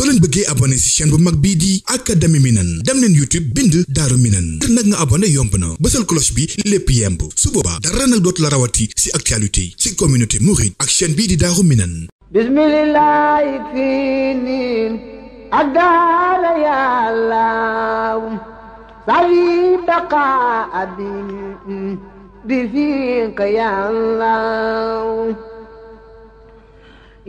soo bëggee abonné ci chaîne bu mag bii di Académie Minane dem leen YouTube bind Daaru Minane ngir nag nga abonné yomb na bësal cloche bi lépp yemb su boobaa dara dootu la rawati ci actualité ci communauté mouride ak chaîne bii di Daaru Minane bismillahi fii niin ak daara yàllaaw sari baqa abin di fiika yàllaaw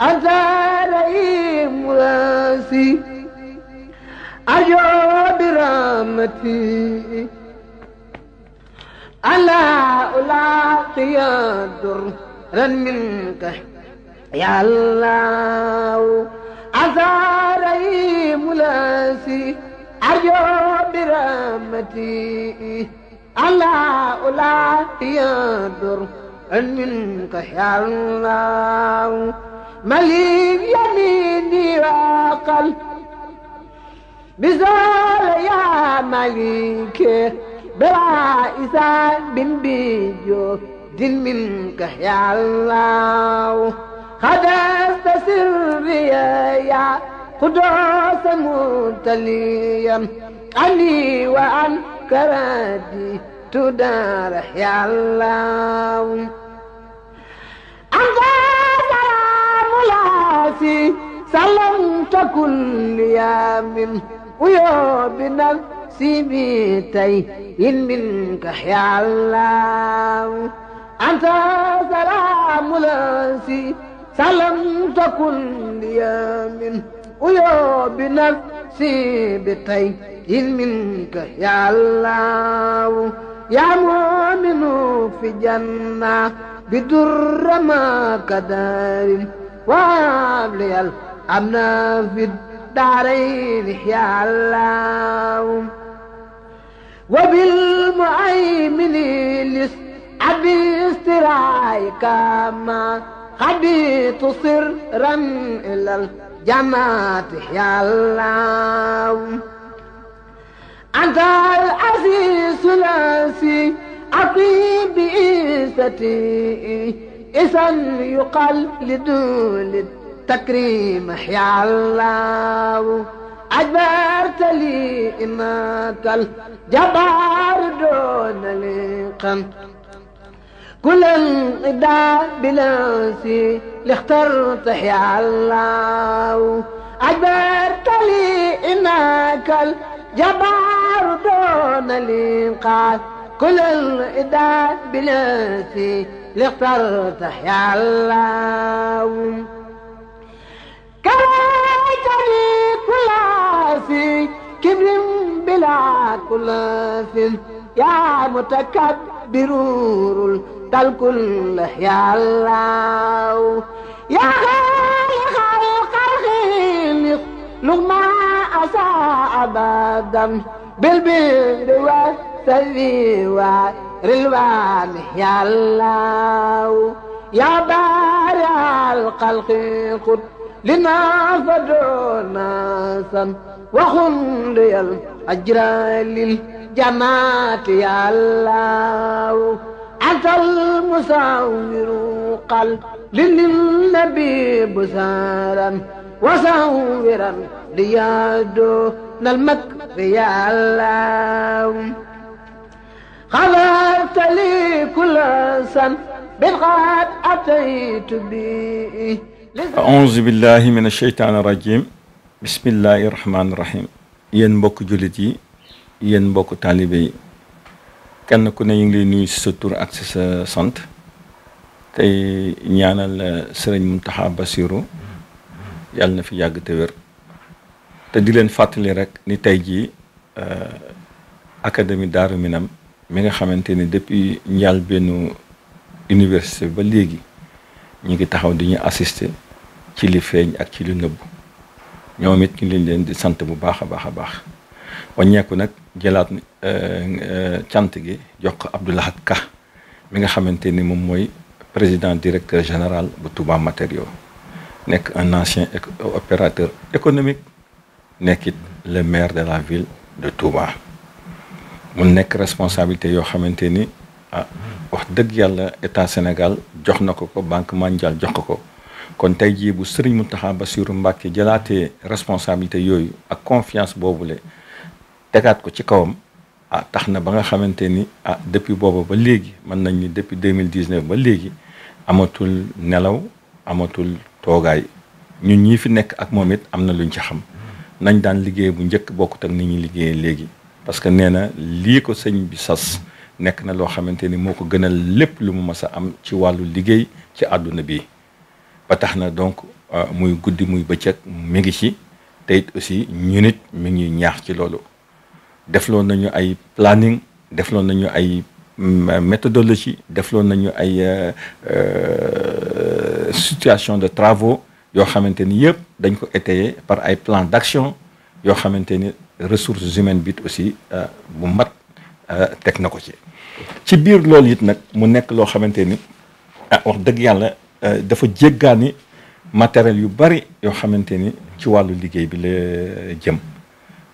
أزالي مراسي أجو برامتي ألا ألاقي درا منك يا الله أزاري ملاسي أجو برامتي ألا ألاقي درا منك يا الله مليم يميني وعقل بزول يا مليك بالعائسة بن بيجو دين منك يا الله خدست سري يا قدوس متليا علي وعن كرادي تدار يا الله نفسي سلمت كل يوم ويوم بنفسي بيتي إن منك يا الله أنت سلام لاسي سلمت كل يوم ويوم بنفسي بيتي إن منك يا الله يا مؤمن في جنة بدر ما كدار وهب لي الأمن في الدارين يا الله وبالمؤمن لس أبي استرايك ما خديت سرا إلى الجماعة يا الله أنت العزيز الأسي أقيم بإستي إذا يقال لدول التكريم يا الله أجبرت لي إنك الجبار دون لقم كل الإداء بلاسي لاخترت يا الله أجبرت لي إنك الجبار دون لقم كل الإداء بلاسي اخترت يا الله كرهتني كل في كبر بلا كل في يا متكبر تلك كل الله يا خالق الخلق لغما بادم بالبر والسبي رلوان يا الله يا بارع الخلق قد لنا فدعونا سن وخند لي الأجر للجماعة يا الله أنت المساور قل للنبي بسارا وساورا ليادو نلمك يا الله خبرت لي كل سن بالغد أتيت بي أعوذ بالله من الشيطان الرجيم بسم الله الرحمن الرحيم ين ينبوك جلدي ينبوك طالبي كان كنا ينجلي نوي ستور أكسس سنت تي نيانا سرين منتحى بسيرو يالنا في ياغ تبير تدلين فاتلي رك نتايجي أكاديمي دارو منام mi nga xamante depuis njaal benn université ba léegi ñu ngi taxaw di ñu assister ci li feeñ ak ci li nëbb ñoom it ñu leen di sant bu baax a baax a baax waññeeku nag jëlaat euh, euh, cant gi Abdou Lahad mi nga président directeur général bu Touba Matériaux nekk un ancien opérateur économique nekkit le maire de la ville de Touba mu nekk responsabilité yoo xamante ni ah wax dëgg yàlla état Sénégal jox na ko ko banque mondiale jox ko ko kon tey jii bu sëriñ sur Bassirou Mbacké jëlaatee responsabilité yooyu ak confiance boobule tegaat ko ci kawam ah tax na ba nga xamante ni ah depuis booba ba léegi mën nañ ni depuis deux mille dix-neuf ba léegi amatul nelaw amatul toogaay ñun ñii fi nekk ak moom it am na lu ñu ci xam nañ daan liggéey bu njëkk bokkut ak ni ñuy liggéeyee léegi. parce que nee na lii ko sëñ bi sas nekk na loo xamante ni moo ko gënal lépp lu mu mës a am ci wàllu liggéey ci àdduna bi ba tax na donc euh, muy guddi muy bëccëg mi ngi ci te it aussi ñu nit mi ngi ñaax ci loolu defloon nañu ay planning defloon nañu ay mm, méthodologie defloon nañu ay euh, euh, situation de travaux yoo xamante ni yëpp dañ ko étayer par ay plan d'action yoo xamante ni ressources humaines bit aussi euh, bu mat euh, teg na ci ci bir loolu it nag mu nek lo xamanteni ah wax deug yalla euh, dafa jéggani matériel yu bari yo xamanteni ci walu liggéey bi le jëm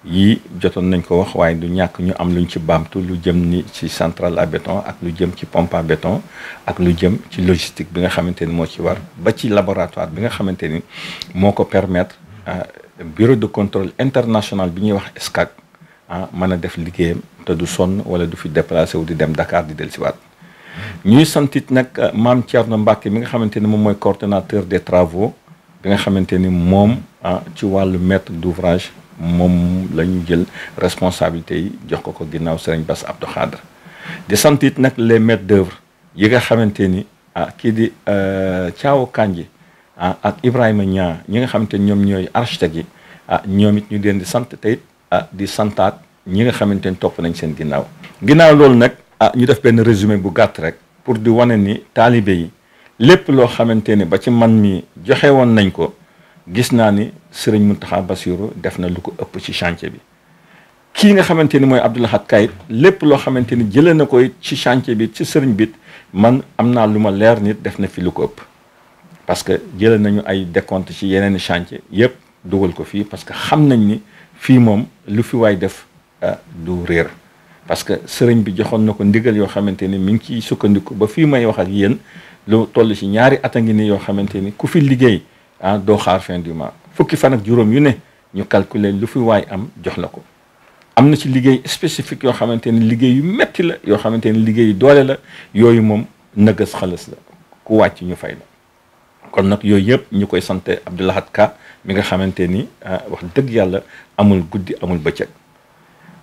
yi jotone nañ ko wax waye du ñak ñu am luñ ci bamtu lu jëm ni ci centrale à béton ak lu jëm ci pompe à béton ak lu jëm ci logistique bi nga xamanteni mo ci war ba ci laboratoire bi nga xamanteni moko permettre bureau de contrôle international bi ñuy wax SCAC ah mëna def liggéeyam te du sonn wala du fi déplacer wu di dem Dakar di dellusiwaat ñuy santit nag euh, Mam Thierno Mbacke mi nga xamante ni moom mooy coordinateur des travaux bi nga xamante ni moom ah ci wàllu maître d'ouvrage moom la ñu jël responsabilité yi jox ko ko ginnaaw Serigne Bass Abdou Khadre di santit nag les maîtres d'œuvre yi nga xamante ni ah kii di euh, Thiaw Kanji ah ak Ibrahima Niang ñi nga xamante ni ñoom ñooy architecte yi ah ñoom it ñu leen di sant tey ah di santaat ñi nga xamante ni topp nañ seen ginnaaw. ginnaaw loolu nag ah ñu def benn résumé bu gàtt rek pour di wane ni taalibe yi lépp loo xamante ni ba ci man mi joxe woon nañ ko gis naa ni sëriñ Serigne Mountakha Bassirou def na lu ko ëpp ci chantier bi. kii nga xamante ni mooy Abdou Lahad Ka lépp loo xamante ni jëlee na ko ci chantier bi ci sëriñ bi man am naa lu ma leer nit def na fi lu ko ëpp parce que jëlal nañu ay décompte ci yenen chantier yëpp dougal ko fi parce que xamnañ ni fi mom lu fi way def du rer parce que sëriñ bi joxon nako ndigal yo xamanteni mi ngi ci sukkandiku ba fi may wax ak yéen lu toll ci ñaari atangi ni yo xamanteni ku fi liggéey do xaar fin du mois fukki fan ak juróom yu ne ñu calculer lu fi way am jox nako amna ci liggéey spécifique yo xamanteni liggéey yu metti la yo xamanteni liggéey doole la yoyu mom nëgës xalas la ku wàcc ñu fay la kon nak yooyu yëpp ñu koy sante Abdou mi nga xamanteni ah, wax deug yalla amul guddii amul bëccëg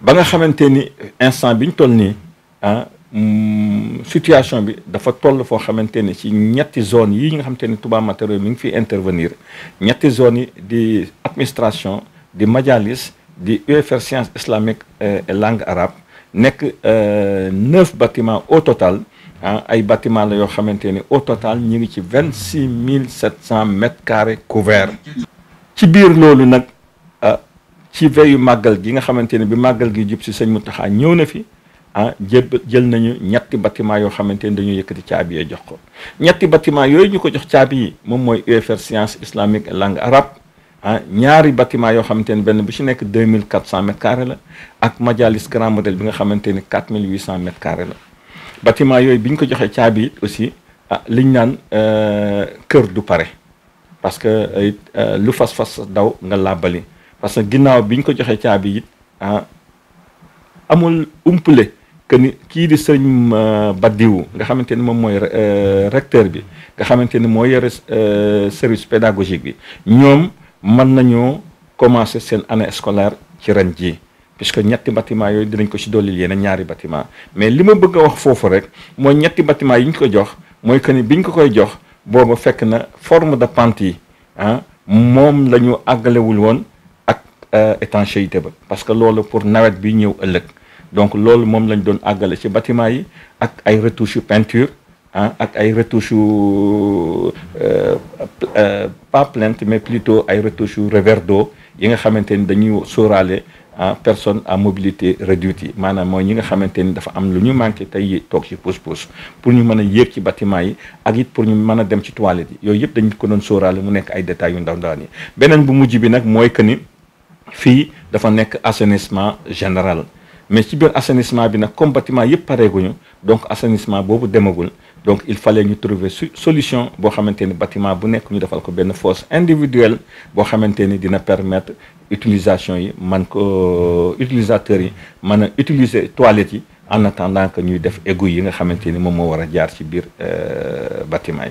ba nga xamanteni instant bi ñu toll nii ah, mm, situation bi dafa toll fo xamanteni ci ñetti zone yi nga xamanteni Touba matériel mi ngi fi intervenir ñetti zone yi di administration di majalis di UFR science islamique euh, et langue arabe nekk 9 euh, bâtiments au total ah ay bâtiment la yoo xamante ni au total ñu ngi ci vingt six mille sept cent mètres carrés ci biir loolu nag ah, ci veyu màggal gi nga xamante ni bi màggal gi jub si sëñ Mountakha ñëw na fi ah jël jël nañu ñetti bâtiment yoo xamante ni dañoo yëkkati caabi yee jox ko ñetti bâtiment yooyu ñu ko jox caabi yi moom mooy UFR science islamique et langue arabe ah ñaari bâtiment yoo xamante ni benn bu ci nekk deux mille cent mètres carrés la ak majalis grand modèle bi nga xamante ni quatre mille huit cent mètres carrés la bâtiment yooyu bi ñu ko joxee caabi it aussi ah, liñ naan euh, kër du pare parce que euh, it euh, lu fas-fas daw nga làbbali parce que ginnaaw bi ñu ko joxee caabi yit ah amul umpule que ni kii di sëñ Badiou nga xamante ni moom mooy recteur bi nga xamante ni moo yore service pédagogique bi ñoom mën nañoo commencer seen année scolaire ci ren jii puisque ñetti bâtiment yooyu dinañ ko ci dolli yeneen ñaari batiment mais li ma bëgg a wax foofu rek mooy ñetti bâtiment yi ñu ko jox mooy que ni ñu ko koy jox boobu fekk na forme de pente yi ah moom la ñu àggalewul woon ak euh, étanchéité ba parce que loolu pour nawet bi ñëw ëllëg donc loolu moom lañ doon àggale si batiment yi ak ay retouches yu peinture ah ak ay retouches yu euh, euh, pas plinthe mais plutôt ay retouches yu yi nga xamante ni dañuy sóoraale ah personne à mobilité réduite yi maanaam mooy ñi nga xamante ni dafa am lu ñu manqué tey toog ci pousse-pousse pour ñu mën a yéeg ci bâtiment yi ak it pour ñu mën a dem ci toilette yi yooyu yëpp dañ ko doon sóoraale mu nekk ay détails yu ndaw ndawaan beneen bu mujj bi nag mooy que ni fii dafa nekk assainissement général mais ci biir assainissement bi nag comme bâtiment yëpp pareeguñu donc assainissement boobu demagul donc il fallait ñu trouver solution pour xamante le bâtiment bu nekk ñu defal ko une fosse individuelle pour dina permettre utilisation yi man ko euh, utilisateurs yi utiliser toilettes en attendant que nous def égout yi nga xamante ni moom moo nous euh, devons, bâtiment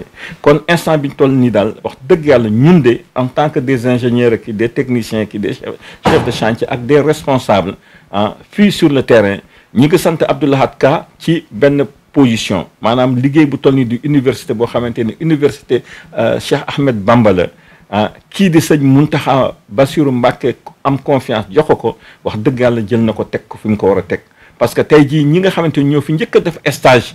kon instant bi toll en tant que des ingénieurs des techniciens des chefs de chantier ak des responsables hein, fu sur le terrain ñi ngi sant Abdou Lahad Ka ci position maanaam liggéey bu toll ni di université boo xamante ni université euh, Cheikh Ahmed bambala ah kii di sëñ Muntaxa Basiru Mbàkke am confiance jox ko wax dëgg yàlla jël na ko teg ko fi mu ko war a teg parce que tey jii ñi nga xamante ni ñoo fi njëkk a def estage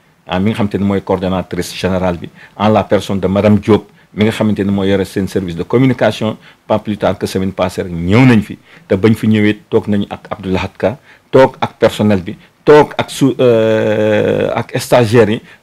Ah, mi nga xamante ne coordonnatrice générale bi en la personne de madame Diop mi nga xamante ne mooy yore service de communication pas plus tard que semaine passée rek ñëw nañ fi te bañ fi ñëwee toog nañu ak Abdoulahat Ka ak personnel bi toog ak su euh, ak stagiaires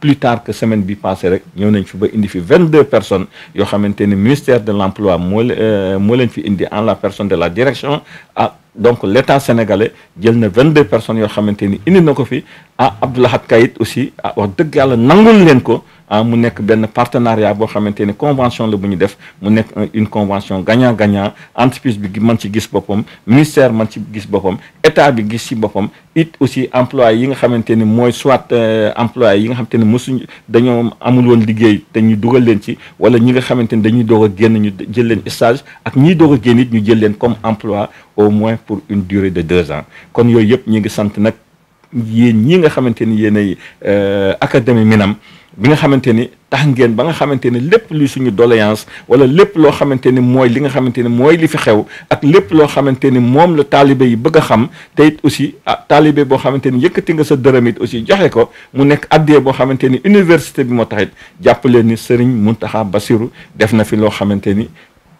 plus tard que semaine bi rek 22 personnes yo xamanteni ministère de l'Emploi, euh, en la personne de la direction ah, donc l'État sénégalais jël na 22 personnes yo xamanteni indi nako fi ah, aussi ah, ah mu nekk benn partenariat bo xamanteni convention la buñu def mu nek une convention gagnant gagnant entreprise bi man ci gis bopom ministère man ci gis bopom état bi gis ci bopom it aussi employé yi nga xamanteni moy soit euh, employé yi nga xamanteni ni dañu amul won liguey te ñu dugal leen ci wala ñi nga xamanteni dañuy doog a génn ñu jël len stage ak ñi doog a génn ñu jël len comme emploi au moins pour une durée de deux ans kon yooyu yëpp ñi nga sante nak yéen ñi nga xamanteni ni euh ay académie minam bi nga xamanteni tax ngeen ba nga xamanteni lépp luy suñu doléance wala lépp lo xamanteni moy li nga xamanteni moy li fi xew ak lépp lo xamanteni mom moom la taalibe yi bëgg xam te it aussi talibé bo xamanteni yëkëti nga sa dëramit aussi joxe ko mu nekk addé bo xamanteni université bi mo taxit jàpp leen ni Serigne muntaha basirou def na fi lo xamanteni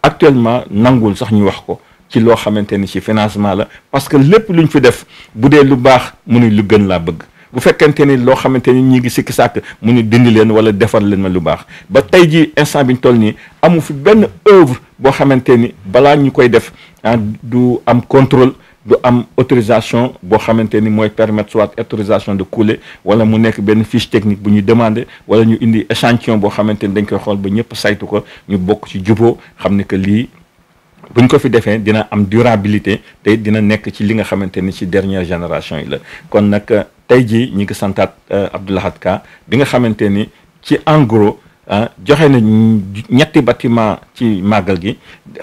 actuellement nangul sax ñu wax ko ci lo xamanteni ci financement la parce que lépp luñ fi def budé lu baax mënu lu gën la bëgg vous faites qu'un loo xamante ñi ngi sikki sàkk mu ni dindi leen wala défar leen ma lu bax ba tay ji instant biñ ñu toll amu fi ben œuvre bo xamante bala ñukoy def ah, du am contrôle du am autorisation bo xamante ni et permettre soit autorisation de couler wala mu nekk ben fiche technique bu ñu voilà wala ñu indi échantillon d'un xamante dañ koy xol ba ñepp saytu ko ñu bok ci djubo xam que li buñ ko fi défé dina am durabilité te dina nekk ci li nga xamante ci dernière génération yi la kon nak tey jii ñi ngi santaat euh, Abdou Lahad Ka bi nga xamante ni ci en euh, joxe na ñetti bâtiment ci màggal gi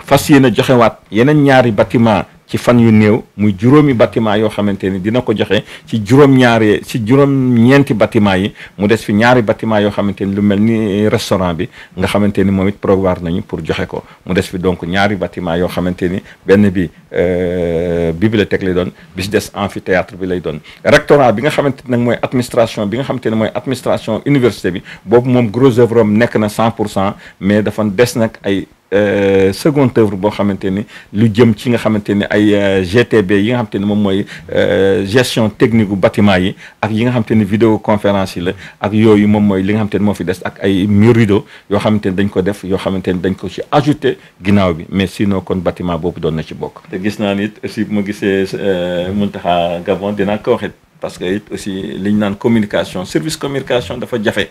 fas yéene joxewaat yeneen ñaari bâtiment ci fan yu néew muy juróomi bâtiment yoo xamante ni dina ko joxe ci juróom-ñaari ci juróom-ñeenti bâtiment yi mu des fi ñaari bâtiment yoo xamante ni lu mel ni restaurant bi nga xamante ni moom it prévoir nañu pour joxe ko mu des fi donc ñaari bâtiment yoo xamante ni benn bi euh, bibliothèque lay doon bi ci des amphithéâtre bi lay doon rectorat bi nga xamante nag mooy administration bi nga xamante ne mooy administration université bi boobu moom gros œuvre am nekk na cent pour cent mais dafa des nag ay Euh, seconde œuvre boo xamante ni lu jëm ci nga maintenir ailleurs GTB yi nga xamante ni euh, gestion technique ou bâtiment yi ak yi nga vidéo conférence yi la ak yooyu moom mooy li nga xamante ni moo des ak ay murido yo yoo dañ ko def yo xamante dañ ko ci ajouté ginnaaw mais sinon kon bâtiment beaucoup doon na ci de te gis na nit aussi bu ma gisee euh, Gabon d'un accord parce que aussi li communication service communication dafa jafe.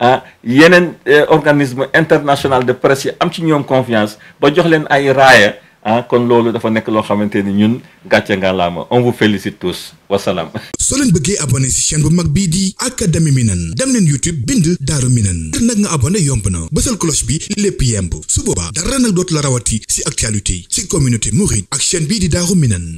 ah yeneen eh, organisme international de presse yi am ci ñoom confiance ba jox leen ay raaya ah kon loolu dafa nekk loo xamante ni ñun gàcce nga laama on vous félicite tous wasalaam. soo leen bëggee abonné si chaîne bu mag bii di académie Minane dem leen YouTube bind Daaru Minane ngir nag nga abonné yomb na bësal cloche bi lépp yemb su boobaa dara nag dootu la rawati si actualité si communauté mouride ak chaîne bii di Daaru Minane.